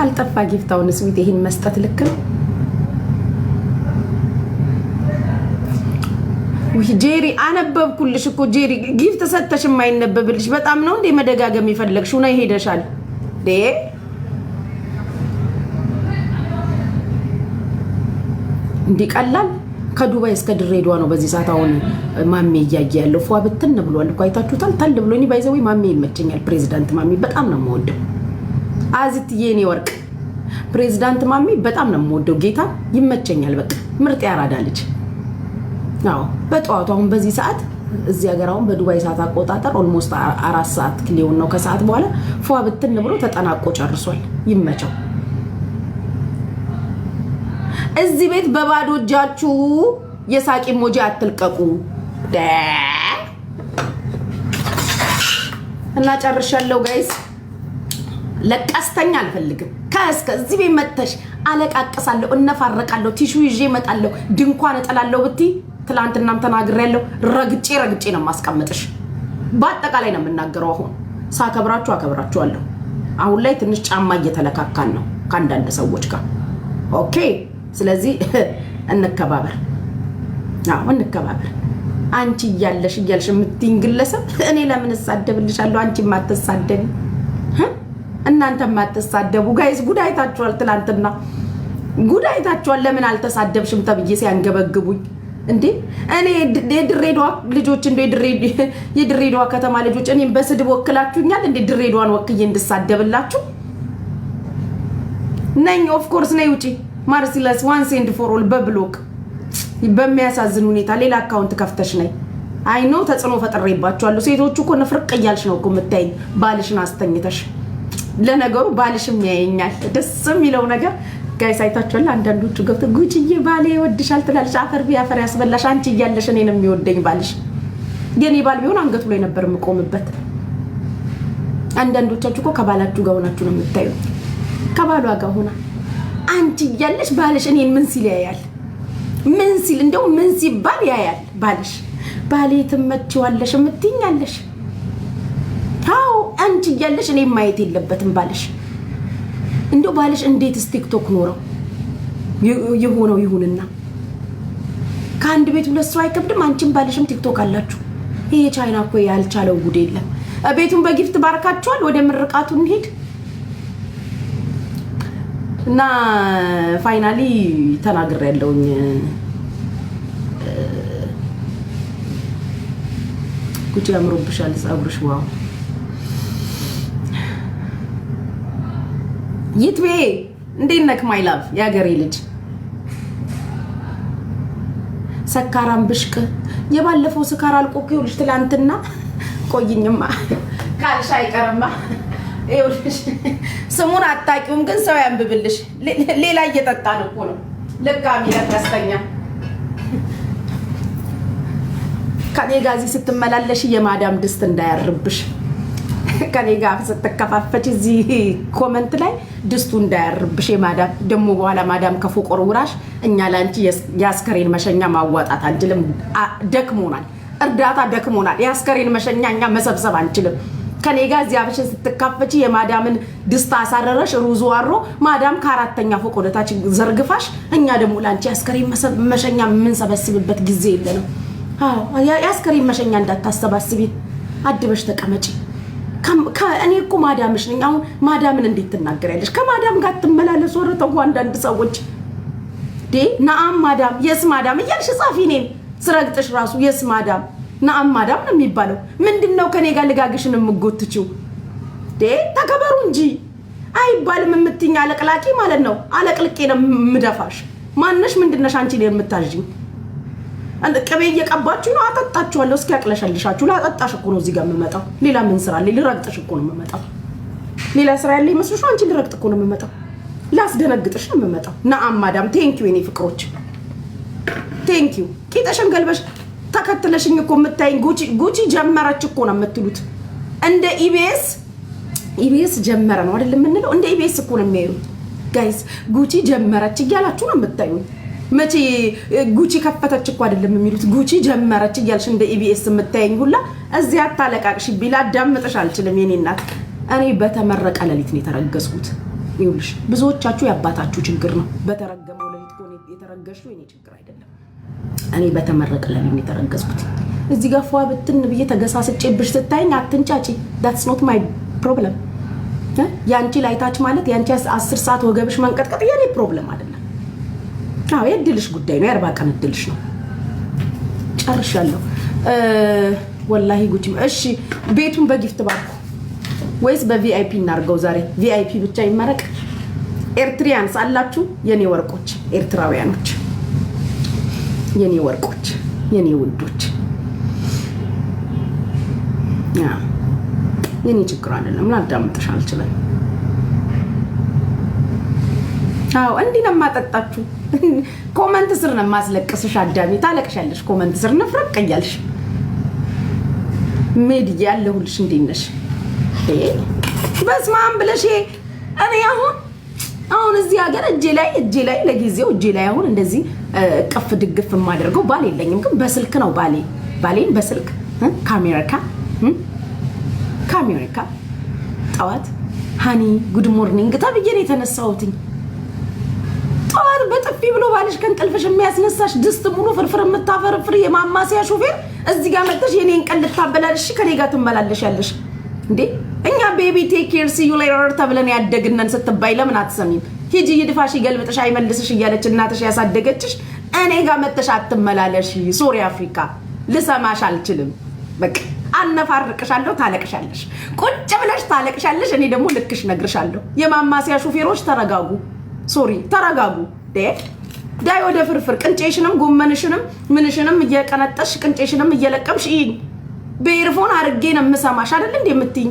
ካልጠፋ ጊፍታውን ስዊት ይህን መስጠት ልክ ነው። ጄሪ አነበብኩልሽ እኮ ጄሪ፣ ጊፍት ሰጥተሽ የማይነበብልሽ በጣም ነው እንዴ? መደጋገም የፈለግሽ ሆነ ይሄደሻል። እንዲህ ቀላል ከዱባይ እስከ ድሬዳዋ ነው በዚህ ሰዓት። አሁን ማሜ እያየ ያለው ፏ ብትን ብሏል እኮ አይታችሁታል። ታል ብሎ ባይዘዊ ማሜ ይመቸኛል። ፕሬዚዳንት ማሜ በጣም ነው የምወደው። አዚትዬ የኔ ወርቅ ፕሬዚዳንት ማሚ በጣም ነው የምወደው። ጌታ ይመቸኛል። በቃ ምርጥ ያራዳ ልጅ። አዎ በጠዋቱ አሁን በዚህ ሰዓት እዚህ ሀገር አሁን በዱባይ ሰዓት አቆጣጠር ኦልሞስት አራት ሰዓት ሊሆን ነው። ከሰዓት በኋላ ፏ ብትን ብሎ ተጠናቆ ጨርሷል። ይመቸው። እዚህ ቤት በባዶ እጃችሁ የሳቂ ሞጂ አትልቀቁ እና ጨርሻለሁ ጋይስ። ለቀስተኛ አልፈልግም። ከእስከ እዚህ ቤት መጥተሽ አለቃቅሳለሁ፣ እነፋረቃለሁ፣ ቲሹ ይዤ እመጣለሁ፣ ድንኳን እጠላለሁ ብትይ ትላንትናም ያለው ረግጬ ረግጬ ነው የማስቀምጥሽ። በአጠቃላይ ነው የምናገረው። አሁን ሳከብራችሁ አከብራችኋለሁ። አሁን ላይ ትንሽ ጫማ እየተለካካን ነው ከአንዳንድ ሰዎች ጋር። ኦኬ፣ ስለዚህ እንከባበር፣ እንከባበር። አንቺ እያለሽ እያልሽ የምትይኝ ግለሰብ እኔ ለምን እሳደብልሻለሁ? አንቺ ማትሳደቢ እናንተ ማትሳደቡ ጋይስ ጉዳይታችኋል። ትላንትና ጉዳይታችኋል። ለምን አልተሳደብሽም ተብዬ ሲያንገበግቡኝ እንዴ እኔ የድሬዳዋ ልጆች እንደ የድሬዳዋ ከተማ ልጆች እኔም በስድብ ወክላችሁኛል። እንደ ድሬዳዋን ወክዬ እንድሳደብላችሁ ነኝ። ኦፍኮርስ ነይ ውጪ ማርሲለስ ዋን ሴንድ ፎር ኦል በብሎክ በሚያሳዝን ሁኔታ ሌላ አካውንት ከፍተሽ ነይ። አይ ኖ ተጽዕኖ ፈጥሬባችኋለሁ። ሴቶቹ እኮ ንፍርቅ እያልሽ ነው እኮ የምታይኝ ባልሽን አስተኝተሽ ለነገሩ ባልሽም ያየኛል። ደስ የሚለው ነገር ጋይስ አይታችኋል። አንዳንዶቹ ገብተ ጉችዬ ባሌ ይወድሻል ትላለች። አፈር ቢያፈር ያስበላሽ አንቺ እያለሽ እኔን የሚወደኝ ባልሽ። የኔ ባል ቢሆን አንገቱ ላይ ነበር የምቆምበት። አንዳንዶቻችሁ እኮ ከባላችሁ ጋር ሆናችሁ ነው የምታዩ። ከባሏ ጋር ሆና አንቺ እያለሽ ባልሽ እኔን ምን ሲል ያያል? ምን ሲል እንደው ምን ሲባል ያያል ባልሽ። ባሌ ትመችዋለሽ፣ እምትይኛለሽ አንቺ እያለሽ እኔ ማየት የለበትም ባልሽ። እንደው ባልሽ እንዴትስ ቲክቶክ ኖረው የሆነው ይሁንና ከአንድ ቤት ሁለት ሰው አይከብድም። አንቺም ባልሽም ቲክቶክ አላችሁ። ይሄ ቻይና እኮ ያልቻለው ጉድ የለም። ቤቱን በጊፍት ባርካችኋል። ወደ ምርቃቱ እንሄድ እና ፋይናሊ ተናግር ያለውኝ ጉቺ ያምሮብሻል፣ ፀጉርሽ ዋው ይትቤ እንዴት ነክ ማይ ላቭ የሀገሬ ልጅ ሰካራም ብሽቅ የባለፈው ስካር አልቆ ይኸውልሽ ትላንትና ቆይኝማ ካልሽ አይቀርማ ይኸውልሽ ስሙን አታውቂውም ግን ሰው ያንብብልሽ ሌላ እየጠጣን እኮ ነው ልቃሚ ለቀስተኛ ከኔ ጋዚ ስትመላለሽ የማዳም ድስት እንዳያርብሽ ከኔ ጋር ስትከፋፈች እዚህ ኮመንት ላይ ድስቱ እንዳያርብሽ ማዳም ደግሞ በኋላ ማዳም ከፎቆር ውራሽ እኛ ለአንቺ የአስከሬን መሸኛ ማዋጣት አንችልም። ደክሞናል፣ እርዳታ ደክሞናል። የአስከሬን መሸኛ እኛ መሰብሰብ አንችልም። ከኔ ጋር እዚህ አብሽን ስትካፈች የማዳምን ድስት አሳረረሽ ሩዙ አሮ ማዳም ከአራተኛ ፎቅ ወደታች ዘርግፋሽ፣ እኛ ደግሞ ለአንቺ የአስከሬን መሸኛ የምንሰበስብበት ጊዜ የለንም። የአስከሬን መሸኛ እንዳታሰባስቢ፣ አድበሽ ተቀመጪ። እኔ እኮ ማዳምሽ ነኝ። አሁን ማዳምን እንዴት ትናገሪያለሽ? ከማዳም ጋር ትመላለሱ። ኧረ ተው አንዳንድ ሰዎች ዴ ነአም ማዳም የስ ማዳም እያልሽ ጻፊ። እኔን ስረግጥሽ ራሱ የስ ማዳም ነአም ማዳም ነው የሚባለው። ምንድን ነው ከኔ ጋር ልጋግሽን የምጎትችው? ዴ ተከበሩ እንጂ አይባልም። የምትኛ አለቅላቂ ማለት ነው። አለቅልቄ ነው የምደፋሽ። ማነሽ? ምንድነሽ? አንቺ የምታዥኝ ቅቤ እየቀባችሁ ነው አጠጣችኋለሁ። እስኪ ያቅለሸልሻችሁ። ላጠጣሽ እኮ ነው እዚህ ጋር የምመጣው። ሌላ ምን ስራ አለኝ? ልረግጥሽ እኮ ነው የምመጣው። ሌላ ስራ ያለ ይመስልሽ? አንቺ ልረግጥ እኮ ነው የምመጣው። ላስደነግጥሽ ነው የምመጣው። ነአም ማዳም፣ ቴንኪዩ የኔ ፍቅሮች፣ ቴንኪዩ። ቂጠሽን ገልበሽ ተከትለሽኝ እኮ የምታይኝ። ጉቺ ጀመረች እኮ ነው የምትሉት። እንደ ኢቢኤስ ኢቢኤስ ጀመረ ነው አይደል የምንለው? እንደ ኢቢኤስ እኮ ነው የሚያዩት ጋይስ። ጉቺ ጀመረች እያላችሁ ነው የምታዩኝ። መቼ ጉቺ ከፈተች እኮ አይደለም የሚሉት ጉቺ ጀመረች እያልሽ እንደ ኢቢኤስ e የምታየኝ ሁላ እዚያ አታለቃቅሽ ቢላ ዳምጥሽ አልችልም። የኔ እናት እኔ በተመረቀ ሌሊት ነው የተረገዝኩት። ይኸውልሽ ብዙዎቻችሁ የአባታችሁ ችግር ነው። በተረገመው ሌሊት ሆነ የተረገዝሽው የኔ ችግር አይደለም። እኔ በተመረቀ ሌሊት ነው የተረገዝኩት። እዚህ ጋር ፏ ብትን ብዬ ተገሳስጬብሽ ስታይኝ አትንጫጪ። ዳትስ ኖት ማይ ፕሮብለም። ያንቺ ላይታች ማለት ያንቺ አስር ሰዓት ወገብሽ መንቀጥቀጥ የኔ ፕሮብለም አይደለም። አዎ የእድልሽ ጉዳይ ነው። የአርባ ቀን እድልሽ ነው። ጨርሻለሁ። ወላሂ ጉቺ። እሺ ቤቱን በጊፍት ባርኩ ወይስ በቪአይፒ እናድርገው? ዛሬ ቪአይፒ ብቻ ይመረቅ። ኤርትሪያንስ አላችሁ የኔ ወርቆች፣ ኤርትራውያኖች፣ የኔ ወርቆች፣ የኔ ውዶች፣ የኔ ችግር አይደለም። ላዳምጥሽ አልችልም። አዎ እንዲህ ነው የማጠጣችሁ ኮመንት ስር ነው የማስለቅስሽ። አዳሜ ታለቅሻለሽ። ኮመንት ስር ንፍረቅ እያልሽ ሜድዬ ያለሁልሽ። እንዴት ነሽ? በስመ አብ ብለሽ እኔ አሁን አሁን እዚህ ሀገር እጄ ላይ እጄ ላይ ለጊዜው እጄ ላይ አሁን እንደዚህ ቅፍ ድግፍ የማደርገው ባል የለኝም፣ ግን በስልክ ነው ባሌ ባሌን በስልክ ከአሜሪካ ከአሜሪካ ጠዋት ሀኒ ጉድ ሞርኒንግ ተብዬ ነው የተነሳሁትኝ። ጠዋት በጥፊ ብሎ ባልሽ ከእንቅልፍሽ የሚያስነሳሽ ድስት ሙሉ ፍርፍር የምታፈርፍር የማማሲያ ሹፌር እዚህ ጋር መጥተሽ የኔን ቀን ልታበላልሽ ከኔ ጋር ትመላለሽ ያለሽ እንዴ? እኛ ቤቢ ቴክ ኬር ሲዩ ሌተር ተብለን ያደግነን ስትባይ ለምን አትሰሚም? ሂጂ ይድፋሽ ይገልብጥሽ አይመልስሽ እያለች እናትሽ ያሳደገችሽ እኔ ጋር መጥተሽ አትመላለሽ። ሶሪ አፍሪካ ልሰማሽ አልችልም። በቃ አነፋርቅሻለሁ። ታለቅሻለሽ፣ ቁጭ ብለሽ ታለቅሻለሽ። እኔ ደግሞ ልክሽ ነግርሻለሁ። የማማሲያ ሹፌሮች ተረጋጉ። ሶሪ ተረጋጉ። ዳይ ወደ ፍርፍር ቅንጬሽንም ጎመንሽንም ምንሽንም እየቀነጠሽ ቅንጬሽንም እየለቀምሽ ይኝ በኤርፎን አድርጌ ነው የምሰማሽ አይደል እንዴ የምትይኝ?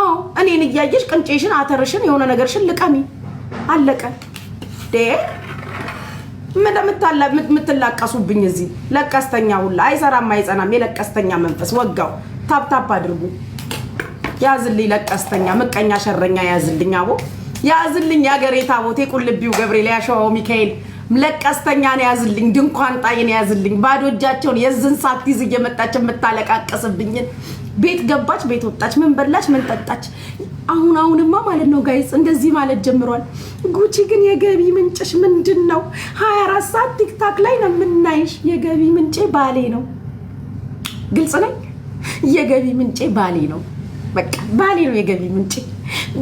አዎ እኔን እያየሽ ቅንጬሽን አተርሽን የሆነ ነገርሽን ልቀሚ። አለቀ። ዴ የምትላቀሱብኝ እዚህ ለቀስተኛ ሁላ አይሰራም አይጸናም። የለቀስተኛ መንፈስ ወጋው። ታፕታፕ አድርጉ። ያዝልኝ ለቀስተኛ፣ ምቀኛ፣ ሸረኛ ያዝልኝ አቦ ያዝልኝ የአገሬ ታቦቴ ቁልቢው ገብርኤል ያሸዋው ሚካኤል ለቀስተኛን ያዝልኝ ድንኳን ጣይን ያዝልኝ ባዶ እጃቸውን የዝን ሰዓት ይዝ እየመጣች የምታለቃቀስብኝን ቤት ገባች፣ ቤት ወጣች፣ ምን በላች፣ ምን ጠጣች። አሁን አሁንማ ማለት ነው ጋይስ እንደዚህ ማለት ጀምሯል። ጉቺ ግን የገቢ ምንጭሽ ምንድን ነው? 24 ሰዓት ቲክታክ ላይ ነው የምናይሽ። የገቢ ምንጬ ባሌ ነው። ግልጽ ነኝ። የገቢ ምንጬ ባሌ ነው። በቃ ባሌ ነው የገቢ ምንጬ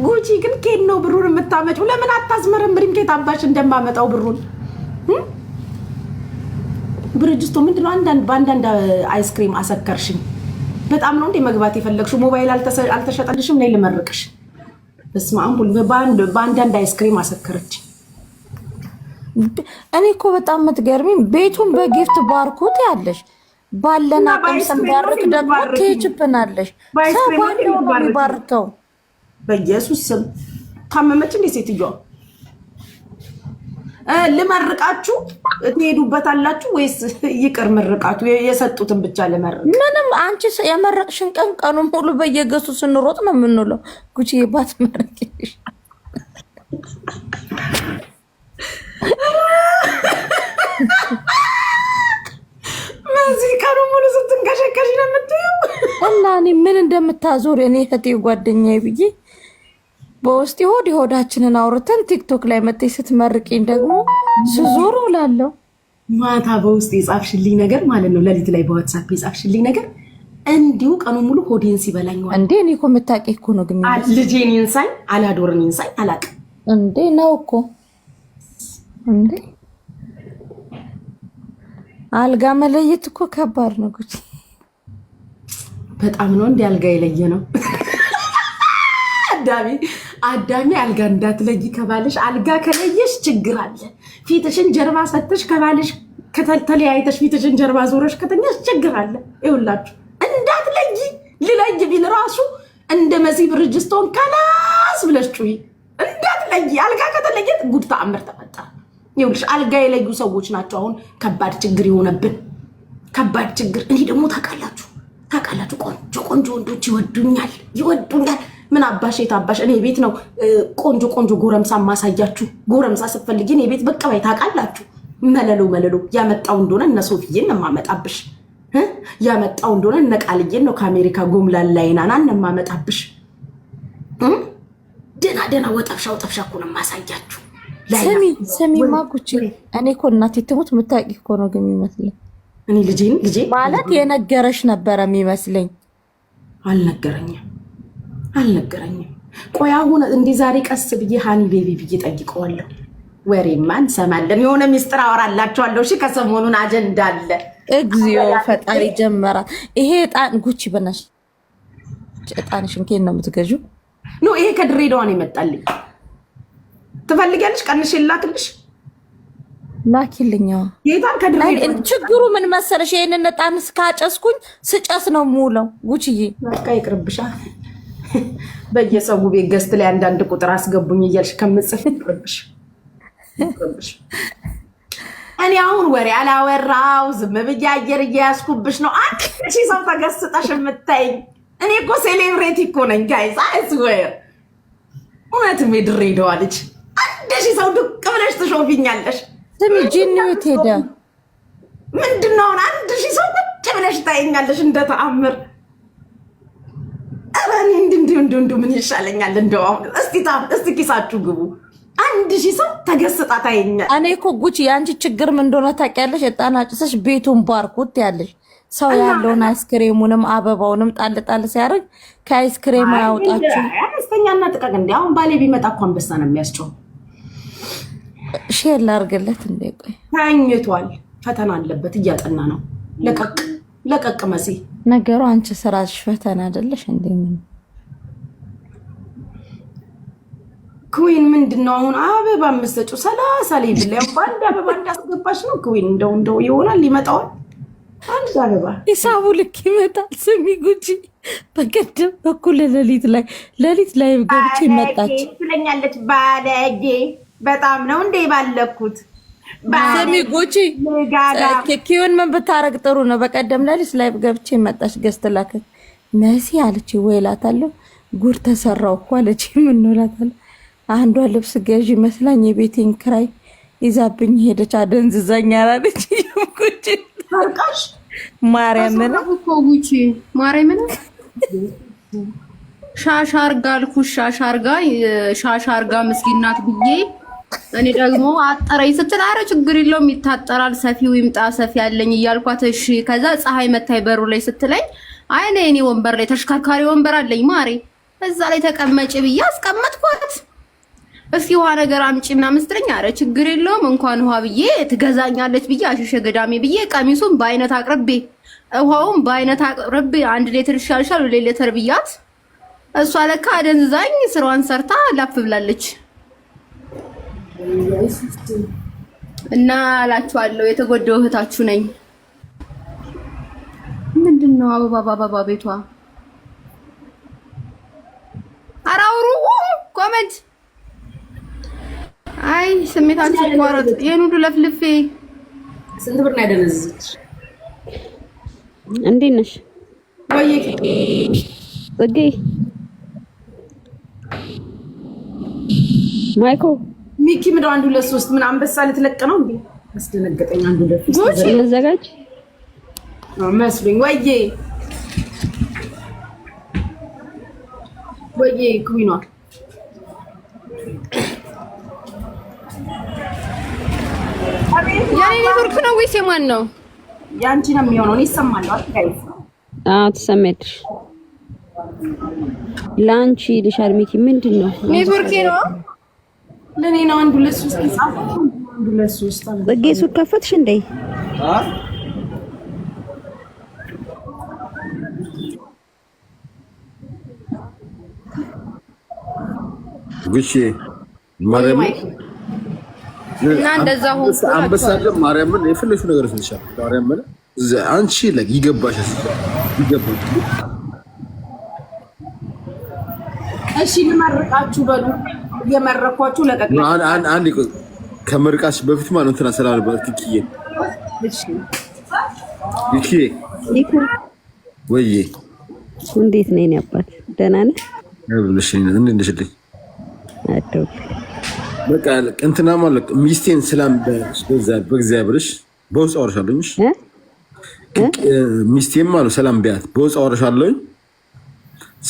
ጉቺ ግን ኬት ነው ብሩን የምታመጪው? ለምን አታስመረምሪም? ኬት አባሽ እንደማመጣው ብሩን ብርጅስቶ ምንድነው? አንዳንድ በአንዳንድ አይስክሪም አሰከርሽኝ። በጣም ነው እንዴ መግባት የፈለግሽው? ሞባይል አልተሸጠልሽም? ነይ ልመርቅሽ። በስመ አብ ሁሉ በአንዳንድ አይስክሪም አሰከረች። እኔ እኮ በጣም የምትገርሚኝ ቤቱን በጊፍት ባርኩት ያለሽ ባለን አቅም ስንባርክ ደግሞ ትችብናለሽ። ሰው ባለው ነው የሚባርከው በኢየሱስ ስም ታመመች እንዴ ሴትዮዋ? ልመርቃችሁ ትሄዱበታላችሁ ወይስ ይቅር? ምርቃቱ የሰጡትን ብቻ ልመርቅ። ምንም አንቺ የመረቅሽን ቀን ቀኑ ሙሉ በየገሱ ስንሮጥ ነው የምንውለው። ጉቺ ባት መረቅ በዚህ ቀኑ ሙሉ ስትንቀሸቀሽ ነው የምትይው እና እኔ ምን እንደምታዞር እኔ እህቴ ጓደኛዬ ብዬ በውስጥ ሆድ የሆዳችንን አውርተን ቲክቶክ ላይ መጥተሽ ስትመርቂኝ ደግሞ ስዞር ውላለሁ። ማታ በውስጥ የጻፍሽልኝ ነገር ማለት ነው፣ ለሊት ላይ በዋትሳፕ የጻፍሽልኝ ነገር እንዲሁ ቀኑ ሙሉ ሆዴን ሲበላኝ እንዴ እኔ እኮ የምታውቂ እኮ ነው፣ ግን ልጄን ይንሳኝ አላዶርን ይንሳኝ አላቅም። እንዴ ነው እኮ እንዴ አልጋ መለየት እኮ ከባድ ነው። ጉድ በጣም ነው እንዲ አልጋ የለየ ነው። አዳሚ አዳሚ አልጋ እንዳትለይ ከባልሽ አልጋ ከለየሽ ችግር አለ። ፊትሽን ጀርባ ሰተሽ ከባልሽ ተለያይተሽ ፊትሽን ጀርባ ዞረሽ ከተኛሽ ችግር አለ። ይውላችሁ እንዳትለይ ልለይ ቢል ራሱ እንደ መሲብ ርጅስቶን ከላስ ብለሽ ጩሂ። እንዳትለይ አልጋ ከተለየት ጉድ ተአምር ተፈጠረ። ይውልሽ አልጋ የለዩ ሰዎች ናቸው አሁን ከባድ ችግር የሆነብን ከባድ ችግር። እኔ ደግሞ ታውቃላችሁ ታውቃላችሁ ቆንጆ ቆንጆ ወንዶች ይወዱኛል ይወዱኛል ምን አባሽ የት አባሽ እኔ ቤት ነው ቆንጆ ቆንጆ ጎረምሳ ማሳያችሁ። ጎረምሳ ስትፈልጊ እኔ ቤት ብቅ በይ ታውቃላችሁ። መለሎ መለሎ ያመጣው እንደሆነ እነ ሶፍዬን ነው የማመጣብሽ። ያመጣው እንደሆነ እነ ቃልዬን ነው ከአሜሪካ ጎምላላይናና ነው የማመጣብሽ። ደና ደና ወጠብሻ ወጠብሻ እኮ ነው የማሳያችሁ። ስሚ ስሚ ማጉቺ እኔ እኮ እናቴ ትሙት የምታውቂ እኮ ነው ግን የሚመስለኝ እኔ ልጄን ልጄ ማለት የነገረሽ ነበረ የሚመስለኝ አልነገረኝም አልነገረኝም። ቆይ አሁን እንዲህ ዛሬ ቀስ ብዬ ሃኒ ቤቢ ብዬ ጠይቀዋለሁ። ወሬማ እንሰማለን። የሆነ ሚስጥር አወራላችኋለሁ። እሺ፣ ከሰሞኑን አጀንዳ አለ። እግዚኦ ፈጣሪ ጀመራት። ይሄ እጣን ጉቺ በናሽ እጣንሽን ከየት ነው የምትገዢው? ኖ ይሄ ከድሬዳዋ ነው የመጣልኝ። ትፈልጊያለሽ? ቀንሽ ላክልሽ። ላኪልኛ ጌታን። ከድሬዳዋ ችግሩ ምን መሰለሽ? ይህንን እጣን እስካጨስኩኝ ስጨስ ነው የምውለው። ጉቺዬ በቃ ይቅርብሻ። በየሰው ቤት ገስት ላይ አንዳንድ ቁጥር አስገቡኝ እያልሽ ከምጽፍ ይቅርብሽ። እኔ አሁን ወሬ አላወራው ዝም ብዬ አየር እየያዝኩብሽ ነው። አንድ ሺህ ሰው ተገስጠሽ የምታይኝ እኔ እኮ ሴሌብሬቲ እኮ ነኝ። ጋይዝ አይስወር እውነትም የድሬዳዋ ልጅ አንድ ሺህ ሰው ዱቅ ብለሽ ትሾፊኛለሽ። ምንድን ነው አሁን አንድ ሺ ሰው ቁጭ ብለሽ ታይኛለሽ እንደ ተአምር እኔ እንዲህ እንዲህ እንዲህ ምን ይሻለኛል? እንደው አሁን እስቲ ኪሳችሁ ግቡ። አንድ ሺህ ሰው ተገስጣ ታየኛል። እኔ እኮ ጉቺ የአንቺ እንደሆነ ታውቂያለሽ? የጣና ጭሰሽ ቤቱን ባርኩት ያለሽ ሰው ያለውን አይስክሬሙንም አበባውንም ጣል ጣል ሲያደርግ ከአይስክሬም አያውጣችሁ። አነስተኛና ጥቃቅ እንዲ አሁን ባሌ ቢመጣ እኮ አንበሳ ነው ሼር ላርግለት ቆይ ተኝቷል። ፈተና አለበት እያጠና ነው። ለቀቅ ለቀቅ መሲ ነገሩ አንቺ ስራሽ ፈተና አይደለሽ እንዴ? ምን ክዊን ምንድን ነው አሁን አበባ የምትሰጪው? ሰላሳ ሌብል ላይ በአንድ አበባ እንዳስገባሽ ነው ኩዊን። እንደው እንደው ይሆናል ይመጣዋል። አንድ አበባ ሂሳቡ ልክ ይመጣል። ስሚ ጉጂ፣ በቀደም በኩል ለሊት ላይ ለሊት ላይ ገብቼ ይመጣች ትለኛለች። ባለጌ በጣም ነው እንዴ ባለኩት ስሚ ጉቺ ኪኪውን ምን ብታረግ ጥሩ ነው? በቀደም ለልጅ ላይ ገብቼ መጣሽ ገዝት ላከች ነሲ አለች ወይ እላታለሁ። ጉድ ተሰራው እኮ አለች። ምን እላታለሁ። አንዷ ልብስ ገዢ መስላኝ የቤቴን ክራይ ይዛብኝ ሄደች። አደንዝዛኛ አላለች ጉቺ ማርያም ነው እኮ ጉቺ ማርያም ነው ሻሻ አርጋ አልኩሽ። ሻሻ አርጋ ምስኪናት ብዬ እኔ ደግሞ አጠረኝ ስትል አረ ችግር የለውም ይታጠራል፣ ሰፊው ይምጣ ሰፊ ያለኝ እያልኳት እሺ። ከዛ ፀሐይ መታይ በሩ ላይ ስትለኝ አይ እኔ እኔ ወንበር ላይ ተሽከርካሪ ወንበር አለኝ ማሬ፣ እዛ ላይ ተቀመጭ ብዬ አስቀመጥኳት። እስኪ ውሃ ነገር አምጪ ምናምን ስትለኝ አረ ችግር የለውም እንኳን ውሃ ብዬ ትገዛኛለች ብዬ አሸሸ ገዳሜ ብዬ ቀሚሱን በአይነት አቅርቤ ውሃውን በአይነት አቅርቤ አንድ ሌትር ይሻልሻል ሌትር ብያት እሷ ለካ አደንዛኝ ስራዋን ሰርታ ላፍ ብላለች። እና አላችኋለሁ፣ የተጎዳው እህታችሁ ነኝ። ምንድን ነው አበባ በአበባ ቤቷ አራውሩ ኮመንት አይ ስሜታችሁ ቋረጥ ይሄን ሁሉ ለፍልፌ ስንት ብር ነው ያደነዘዘች? እንዴት ነሽ ጽጌ ማይኮ ሚኪ ምንድን አንዱ ለሶስት ምን አንበሳ ልትለቅ ነው እንዴ? አስደነገጠኝ። አንዱ ለ ዘጋጅ መስሎኝ። ወዬ ወዬ ኩዊኗ የኔ ኔትወርክ ነው ወይስ የማን ነው? የአንቺ ነው የሚሆነው። እኔ ይሰማል። አትጋይ አዎ፣ ትሰሚያለሽ። ላንቺ ልሻል ሚኪ ምንድን ነው ኔትወርክ ነው ለኔ ነው። አንድ ሁለት ሶስት ይጻፍ። አንድ ሁለት ሶስት ፅጌ ሱቅ ከፈትሽ እንዴ? ግሺ ማርያም እና እንደዛ ሆኖ አንበሳለም ማርያምን የፈለግሽው ነገር ስልሻል። ማርያም አንቺ ላይ ይገባሽ ይገባሽ። እሺ ልመርቃችሁ በሉ የመረኳችሁ ለቀቅ አንድ ከምርቃሽ በፊት ማለት እንትና ስላለበት ኪኪዬ ይኪ ወይ እንዴት ነኝ? ያባት ደህና ነህ? እንደሽልኝ አደው በቃ እንትና ማለት ሚስቴን ሰላም በዛ በእግዚአብሔርሽ በውስጥ አወራሻለሁኝ። ሚስቴን ማለት ሰላም ቢያት በውስጥ አወራሻለሁኝ።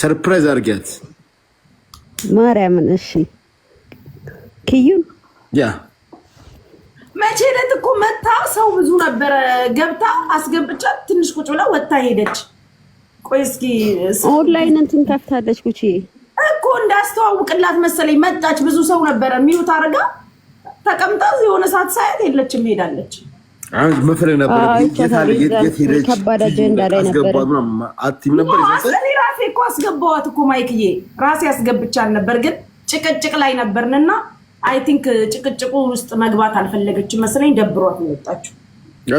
ሰርፕራይዝ አድርጊያት ማርያምን። እሺ ክዩን ያ መቼ ዕለት እኮ መታ ሰው ብዙ ነበረ። ገብታ አስገብቻ ትንሽ ቁጭ ብላ ወጥታ ሄደች። ቆይ እስኪ ኦንላይን እንትን ከፍታለች። ቁጭ እኮ እንዳስተዋውቅላት መሰለኝ መጣች። ብዙ ሰው ነበረ። ሚዩት አድርጋ ተቀምጣ የሆነ ሰዓት ሳያት የለችም ሄዳለች። መፈለግ ነበር። ከባድ አጀንዳ ላይ ነበር። እኔ ራሴ እኮ አስገባዋት እኮ ማይክዬ፣ ራሴ አስገብቻል ነበር ግን ጭቅጭቅ ላይ ነበርንና አይ ቲንክ ጭቅጭቁ ውስጥ መግባት አልፈለገችም መሰለኝ፣ ደብሯት ነው የወጣችው።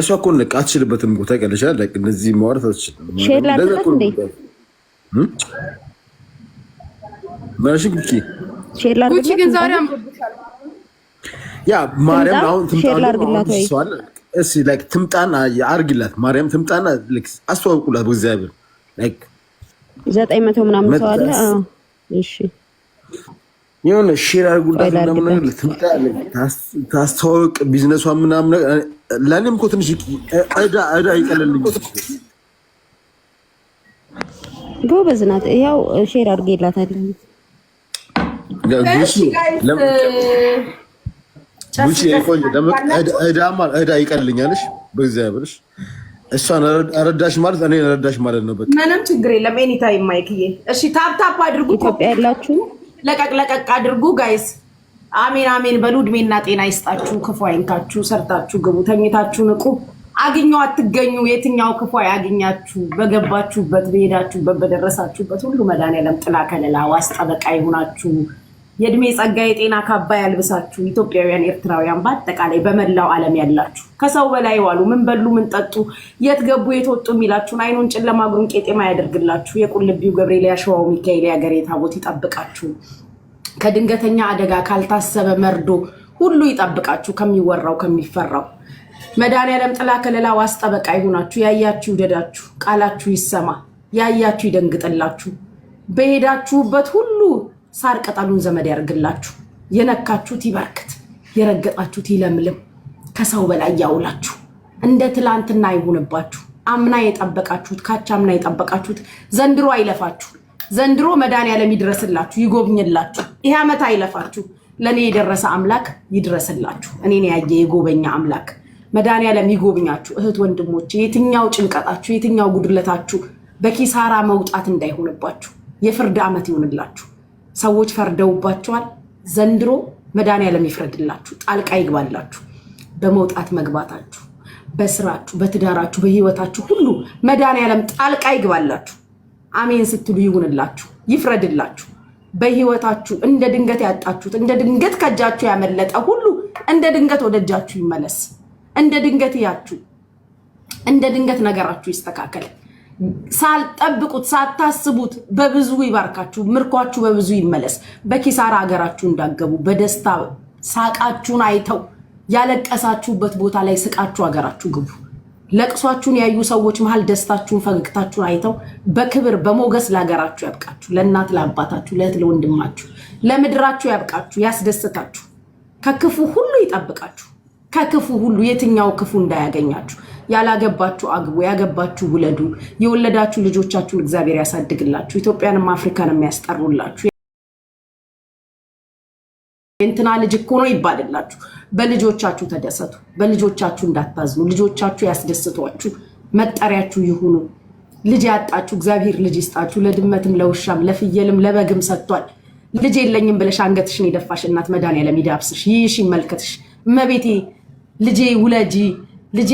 እሷ እኮ በቃ አትችልበትም ቦታ ቀለሻል። እነዚህ ማውራት አትችልም። ያ ማርያም አሁን ትምጣና አርግላት። ማርያም ትምጣና አስተዋውቁላት። እግዚአብሔር ዘጠኝ መቶ ምናምን ሰው አለ። እሺ የሆነ ሼር አድርጉላት ምናምን ነገር ልትምጣ ታስተዋወቅ፣ ቢዝነሷን ምናምን ነገር ለእኔም እኮ ትንሽ ዕዳ ዕዳ ይቀለልኝ። ጎበዝ ናት። ያው ሼር አድርጌላት አለ ዕዳ ይቀልኛለሽ። በእግዚአብሔርሽ እሷን ረዳሽ ማለት እኔ ረዳሽ ማለት ነው። በቃ ምንም ችግር የለም። ኤኒታይም ማይክዬ። እሺ ታፕ ታፕ አድርጉ። ኢትዮጵያ ያላችሁ ለቀቅ ለቀቅ አድርጉ ጋይስ። አሜን አሜን በሉ። እድሜና ጤና ይስጣችሁ፣ ክፉ አይንካችሁ፣ ሰርታችሁ ግቡ፣ ተኝታችሁ ንቁ። አግኘው አትገኙ፣ የትኛው ክፉ አያግኛችሁ። በገባችሁበት፣ በሄዳችሁበት፣ በደረሳችሁበት ሁሉ መድኃኒዓለም ጥላ ከለላ ዋስ ጠበቃ ይሁናችሁ። የእድሜ ጸጋ የጤና ካባ ያልብሳችሁ ኢትዮጵያውያን፣ ኤርትራውያን በአጠቃላይ በመላው ዓለም ያላችሁ ከሰው በላይ ዋሉ። ምን በሉ፣ ምን ጠጡ፣ የት ገቡ፣ የት ወጡ የሚላችሁን አይኑን ጨለማ እግሩን ቄጤማ ያደርግላችሁ። የቁልቢው ገብርኤል ያሸዋው ሚካኤል የአገሬ ታቦት ይጠብቃችሁ። ከድንገተኛ አደጋ ካልታሰበ መርዶ ሁሉ ይጠብቃችሁ። ከሚወራው ከሚፈራው መድኃኒዓለም ጥላ ከለላ ዋስ ጠበቃ ይሁናችሁ። ያያችሁ ይውደዳችሁ፣ ቃላችሁ ይሰማ፣ ያያችሁ ይደንግጥላችሁ፣ በሄዳችሁበት ሁሉ ሳር ቅጠሉን ዘመድ ያደርግላችሁ የነካችሁት ይበርክት፣ የረገጣችሁት ይለምልም፣ ከሰው በላይ ያውላችሁ። እንደ ትላንትና አይሁንባችሁ። አምና የጠበቃችሁት አምና የጠበቃችሁት ዘንድሮ አይለፋችሁ። ዘንድሮ መድኃኒዓለም ይድረስላችሁ፣ ይጎብኝላችሁ። ይህ ዓመት አይለፋችሁ። ለእኔ የደረሰ አምላክ ይድረስላችሁ። እኔን ያየ የጎበኛ አምላክ መድኃኒዓለም ይጎብኛችሁ። እህት ወንድሞች፣ የትኛው ጭንቀጣችሁ፣ የትኛው ጉድለታችሁ በኪሳራ መውጣት እንዳይሆንባችሁ የፍርድ ዓመት ይሆንላችሁ። ሰዎች ፈርደውባቸዋል። ዘንድሮ መድኃኒዓለም ይፍረድላችሁ፣ ጣልቃ ይግባላችሁ። በመውጣት መግባታችሁ፣ በስራችሁ፣ በትዳራችሁ፣ በህይወታችሁ ሁሉ መድኃኒዓለም ጣልቃ ይግባላችሁ። አሜን ስትሉ ይሁንላችሁ፣ ይፍረድላችሁ። በህይወታችሁ እንደ ድንገት ያጣችሁት እንደ ድንገት ከእጃችሁ ያመለጠ ሁሉ እንደ ድንገት ወደ እጃችሁ ይመለስ። እንደ ድንገት እያችሁ እንደ ድንገት ነገራችሁ ይስተካከል። ሳልጠብቁት ሳታስቡት በብዙ ይባርካችሁ፣ ምርኳችሁ በብዙ ይመለስ። በኪሳራ ሀገራችሁ እንዳገቡ በደስታ ሳቃችሁን አይተው ያለቀሳችሁበት ቦታ ላይ ስቃችሁ ሀገራችሁ ግቡ። ለቅሷችሁን ያዩ ሰዎች መሀል ደስታችሁን፣ ፈገግታችሁን አይተው በክብር በሞገስ ለሀገራችሁ ያብቃችሁ። ለእናት ለአባታችሁ፣ ለእህት ለወንድማችሁ፣ ለምድራችሁ ያብቃችሁ፣ ያስደስታችሁ፣ ከክፉ ሁሉ ይጠብቃችሁ። ከክፉ ሁሉ የትኛው ክፉ እንዳያገኛችሁ ያላገባችሁ አግቡ፣ ያገባችሁ ውለዱ። የወለዳችሁ ልጆቻችሁን እግዚአብሔር ያሳድግላችሁ፣ ኢትዮጵያንም አፍሪካንም ያስጠሩላችሁ። የእንትና ልጅ እኮ ነው ይባልላችሁ። በልጆቻችሁ ተደሰቱ፣ በልጆቻችሁ እንዳታዝኑ። ልጆቻችሁ ያስደስቷችሁ፣ መጠሪያችሁ ይሁኑ። ልጅ ያጣችሁ እግዚአብሔር ልጅ ይስጣችሁ። ለድመትም ለውሻም ለፍየልም ለበግም ሰጥቷል። ልጅ የለኝም ብለሽ አንገትሽን የደፋሽ እናት መድኃኒዓለም ይዳብስሽ፣ ይሽ ይመልከትሽ። እመቤቴ ልጄ ውለጂ ልጄ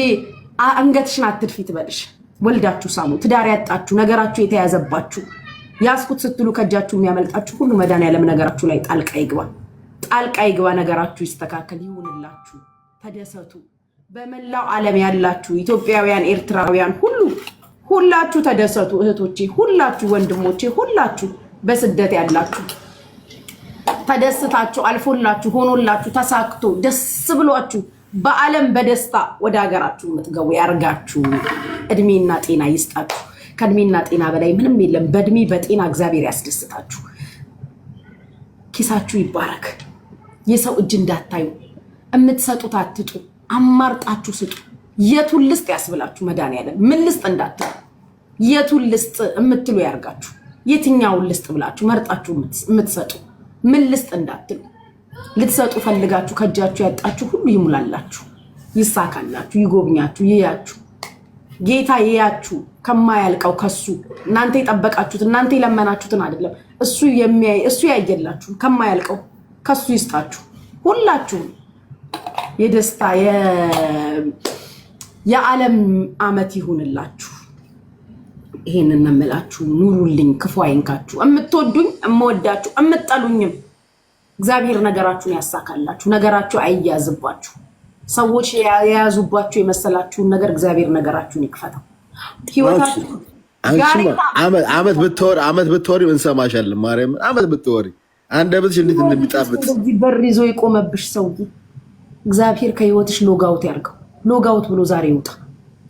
አንገትሽን አትድፊ ትበልሽ። ወልዳችሁ ሳሙ፣ ትዳር ያጣችሁ፣ ነገራችሁ የተያዘባችሁ፣ ያስኩት ስትሉ ከእጃችሁ የሚያመልጣችሁ ሁሉ መድኃኒዓለም ነገራችሁ ላይ ጣልቃ ይግባ፣ ጣልቃ ይግባ። ነገራችሁ ይስተካከል፣ ይሁንላችሁ፣ ተደሰቱ። በመላው ዓለም ያላችሁ ኢትዮጵያውያን፣ ኤርትራውያን ሁሉ ሁላችሁ ተደሰቱ። እህቶቼ ሁላችሁ፣ ወንድሞቼ ሁላችሁ በስደት ያላችሁ ተደስታችሁ፣ አልፎላችሁ፣ ሆኖላችሁ፣ ተሳክቶ ደስ ብሏችሁ በዓለም በደስታ ወደ ሀገራችሁ የምትገቡ ያርጋችሁ። እድሜና ጤና ይስጣችሁ። ከእድሜና ጤና በላይ ምንም የለም። በእድሜ በጤና እግዚአብሔር ያስደስታችሁ። ኪሳችሁ ይባረክ። የሰው እጅ እንዳታዩ የምትሰጡት አትጡ፣ አማርጣችሁ ስጡ። የቱን ልስጥ ያስብላችሁ። መድኃኒዓለም ምን ልስጥ እንዳትሉ፣ የቱን ልስጥ የምትሉ ያርጋችሁ። የትኛውን ልስጥ ብላችሁ መርጣችሁ የምትሰጡ ምን ልስጥ እንዳትሉ ልትሰጡ ፈልጋችሁ ከእጃችሁ ያጣችሁ ሁሉ ይሙላላችሁ፣ ይሳካላችሁ፣ ይጎብኛችሁ፣ ይያችሁ ጌታ ይያችሁ ከማያልቀው ከሱ እናንተ የጠበቃችሁት እናንተ የለመናችሁትን አይደለም እሱ የሚያይ እሱ ያየላችሁ ከማያልቀው ከሱ ይስጣችሁ። ሁላችሁም የደስታ የዓለም ዓመት ይሁንላችሁ። ይሄንን እምላችሁ ኑሩልኝ፣ ክፉ አይንካችሁ። የምትወዱኝ የምወዳችሁ፣ የምጠሉኝም እግዚአብሔር ነገራችሁን ያሳካላችሁ። ነገራችሁ አይያዝባችሁ። ሰዎች የያዙባችሁ የመሰላችሁን ነገር እግዚአብሔር ነገራችሁን ይክፈተው። አመት ብትወሪ እንሰማሻለን። ማርያም አመት ብትወሪ አንደበትሽ እንዴት እንደሚጣፍጥ በር ይዞ የቆመብሽ ሰውዬ እግዚአብሔር ከህይወትሽ ሎጋውት ያርገው። ሎጋውት ብሎ ዛሬ ይውጣ።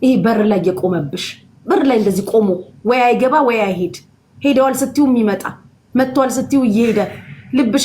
ይሄ በር ላይ የቆመብሽ በር ላይ እንደዚህ ቆሞ ወይ አይገባ ወይ አይሄድ። ሄደዋል ስትው የሚመጣ መጥተዋል ስትው እየሄደ ልብሽ